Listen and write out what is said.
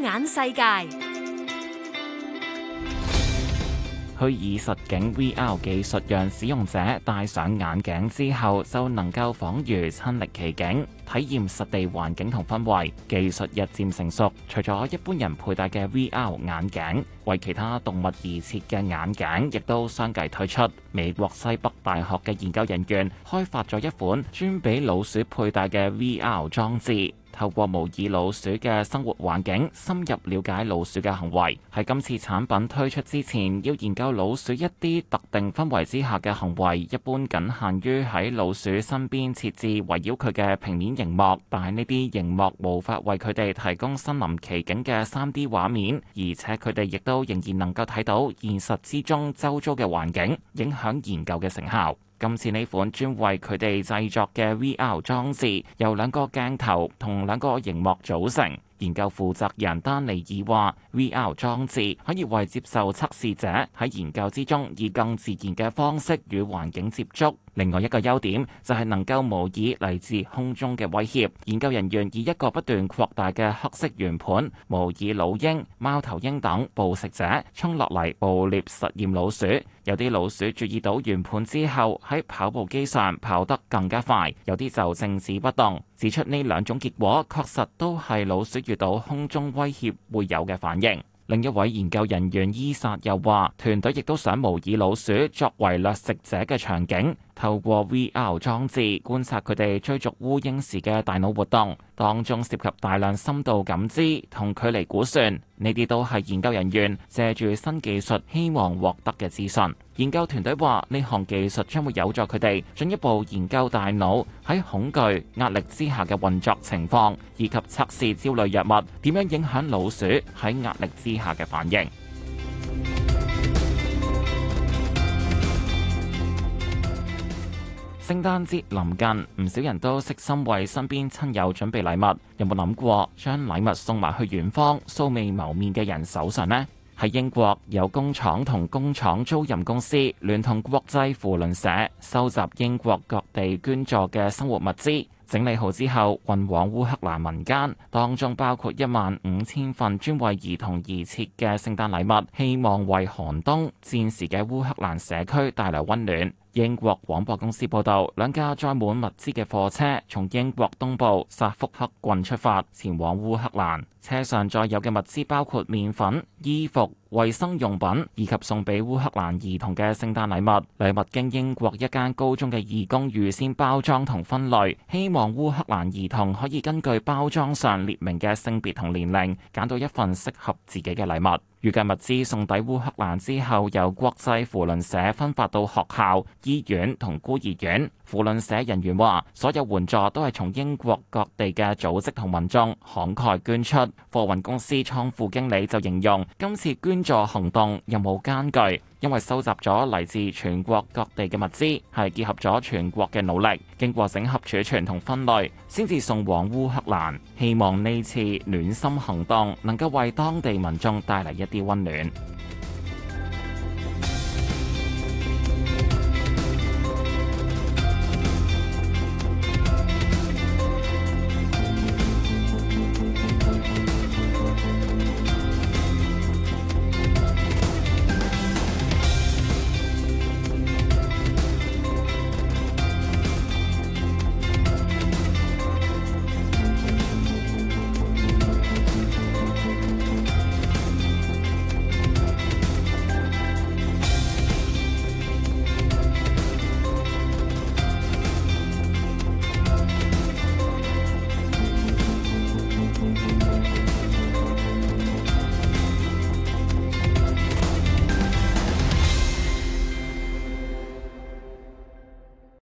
眼世界，虛擬實境 VR 技術讓使用者戴上眼鏡之後，就能夠仿如親歷其境，體驗實地環境同氛圍。技術日漸成熟，除咗一般人佩戴嘅 VR 眼鏡，為其他動物而設嘅眼鏡亦都相繼推出。美國西北大學嘅研究人員開發咗一款專俾老鼠佩戴嘅 VR 裝置。透過模擬老鼠嘅生活環境，深入了解老鼠嘅行為。喺今次產品推出之前，要研究老鼠一啲特定氛圍之下嘅行為，一般僅限於喺老鼠身邊設置圍繞佢嘅平面熒幕，但係呢啲熒幕無法為佢哋提供身臨其境嘅 3D 畫面，而且佢哋亦都仍然能夠睇到現實之中周遭嘅環境，影響研究嘅成效。今次呢款專為佢哋製作嘅 VR 裝置由兩個鏡頭同兩個熒幕組成。研究負責人丹尼爾話，VR 裝置可以為接受測試者喺研究之中以更自然嘅方式與環境接觸。另外一個優點就係能夠模擬嚟自空中嘅威脅。研究人員以一個不斷擴大嘅黑色圓盤模擬老鷹、貓頭鷹等捕食者衝落嚟捕獵實驗老鼠。有啲老鼠注意到圓盤之後喺跑步機上跑得更加快，有啲就靜止不動。指出呢兩種結果確實都係老鼠遇到空中威脅會有嘅反應。另一位研究人員伊薩又話，團隊亦都想模擬老鼠作為掠食者嘅場景。透過 VR 裝置觀察佢哋追逐烏蠅時嘅大腦活動，當中涉及大量深度感知同距離估算。呢啲都係研究人員借助新技術希望獲得嘅資訊。研究團隊話：呢項技術將會有助佢哋進一步研究大腦喺恐懼、壓力之下嘅運作情況，以及測試焦慮藥物點樣影響老鼠喺壓力之下嘅反應。聖誕節臨近，唔少人都悉心為身邊親友準備禮物。有冇諗過將禮物送埋去遠方、素未謀面嘅人手上呢？喺英國有工廠同工廠租賃公司聯同國際扶輪社收集英國各地捐助嘅生活物資，整理好之後運往烏克蘭民間，當中包括一萬五千份專為兒童而設嘅聖誕禮物，希望為寒冬戰時嘅烏克蘭社區帶來溫暖。英國廣播公司報道，兩架載滿物資嘅貨車從英國東部薩福克郡出發，前往烏克蘭。車上載有嘅物資包括麵粉、衣服、衛生用品以及送俾烏克蘭兒童嘅聖誕禮物。禮物經英國一間高中嘅義工預先包裝同分類，希望烏克蘭兒童可以根據包裝上列明嘅性別同年齡揀到一份適合自己嘅禮物。預計物資送抵烏克蘭之後，由國際扶輪社分發到學校、醫院同孤兒院。扶輪社人員話，所有援助都係從英國各地嘅組織同民眾慷慨捐出。貨運公司倉庫經理就形容，今次捐助行動任務艱巨，因為收集咗嚟自全國各地嘅物資，係結合咗全國嘅努力，經過整合儲存同分類，先至送往烏克蘭。希望呢次暖心行動能夠為當地民眾帶嚟一啲溫暖。